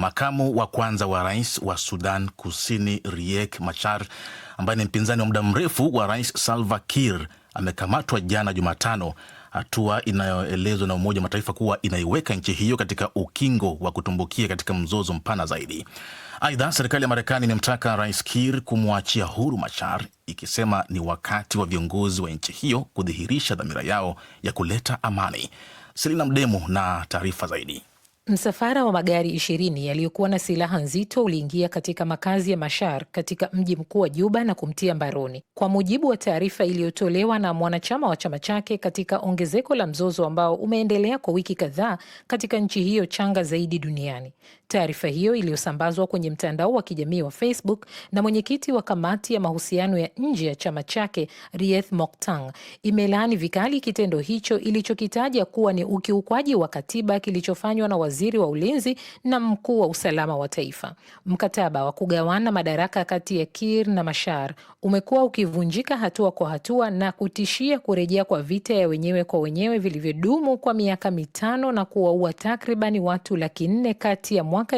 Makamu wa kwanza wa rais wa Sudan Kusini Riek Machar ambaye ni mpinzani wa muda mrefu wa rais Salva Kiir amekamatwa jana Jumatano, hatua inayoelezwa na Umoja wa Mataifa kuwa inaiweka nchi hiyo katika ukingo wa kutumbukia katika mzozo mpana zaidi. Aidha, serikali ya Marekani imemtaka rais Kiir kumwachia huru Machar, ikisema ni wakati wa viongozi wa nchi hiyo kudhihirisha dhamira yao ya kuleta amani. Selina Mdemu na taarifa zaidi. Msafara wa magari ishirini yaliyokuwa na silaha nzito uliingia katika makazi ya mashar katika mji mkuu wa Juba na kumtia mbaroni, kwa mujibu wa taarifa iliyotolewa na mwanachama wa chama chake, katika ongezeko la mzozo ambao umeendelea kwa wiki kadhaa katika nchi hiyo changa zaidi duniani. Taarifa hiyo iliyosambazwa kwenye mtandao wa kijamii wa Facebook na mwenyekiti wa kamati ya mahusiano ya nje ya chama chake Rieth Moktang imelaani vikali kitendo hicho ilichokitaja kuwa ni ukiukwaji wa katiba kilichofanywa na waziri waziri wa ulinzi na mkuu wa usalama wa taifa. Mkataba wa kugawana madaraka kati ya Kiir na Machar umekuwa ukivunjika hatua kwa hatua na kutishia kurejea kwa vita ya wenyewe kwa wenyewe vilivyodumu kwa miaka mitano na kuwaua takribani watu laki nne kati ya mwaka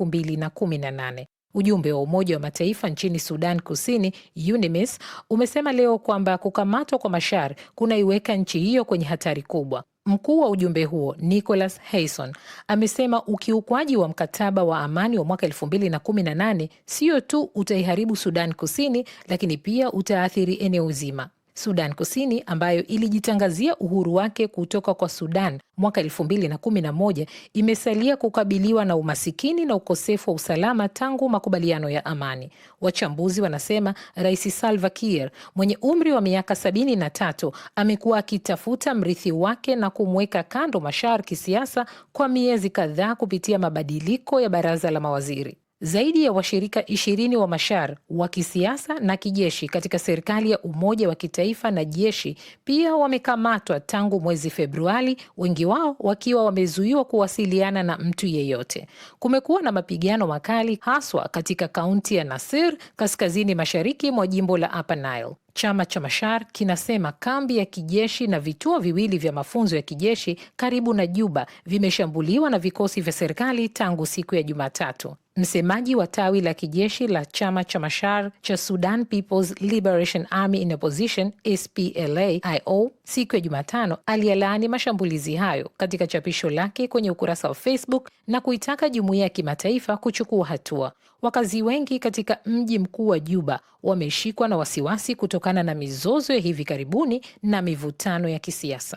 mbili na nane. Ujumbe wa Umoja wa Mataifa nchini Sudan Kusini, UNMISS, umesema leo kwamba kukamatwa kwa Machar kunaiweka nchi hiyo kwenye hatari kubwa. Mkuu wa ujumbe huo Nicholas Hayson amesema ukiukwaji wa mkataba wa amani wa mwaka 2018 sio tu utaiharibu Sudan Kusini, lakini pia utaathiri eneo zima. Sudan Kusini ambayo ilijitangazia uhuru wake kutoka kwa Sudan mwaka elfu mbili na kumi na moja imesalia kukabiliwa na umasikini na ukosefu wa usalama tangu makubaliano ya amani. Wachambuzi wanasema Rais Salva Kiir mwenye umri wa miaka sabini na tatu amekuwa akitafuta mrithi wake na kumweka kando Mashar kisiasa kwa miezi kadhaa kupitia mabadiliko ya baraza la mawaziri. Zaidi ya washirika ishirini wa Machar wa kisiasa na kijeshi katika serikali ya umoja wa kitaifa na jeshi pia wamekamatwa tangu mwezi Februari, wengi wao wakiwa wamezuiwa kuwasiliana na mtu yeyote. Kumekuwa na mapigano makali haswa katika kaunti ya Nasir kaskazini mashariki mwa jimbo la Upper Nile. Chama cha Machar kinasema kambi ya kijeshi na vituo viwili vya mafunzo ya kijeshi karibu na Juba vimeshambuliwa na vikosi vya serikali tangu siku ya Jumatatu. Msemaji wa tawi la kijeshi la chama cha Mashar cha Sudan People's Liberation Army in Opposition SPLA-IO siku ya Jumatano aliyelaani mashambulizi hayo katika chapisho lake kwenye ukurasa wa Facebook na kuitaka jumuiya ya kimataifa kuchukua hatua. Wakazi wengi katika mji mkuu wa Juba wameshikwa na wasiwasi kutokana na mizozo ya hivi karibuni na mivutano ya kisiasa.